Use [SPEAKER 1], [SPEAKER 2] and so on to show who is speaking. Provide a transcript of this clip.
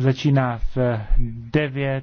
[SPEAKER 1] začíná v 9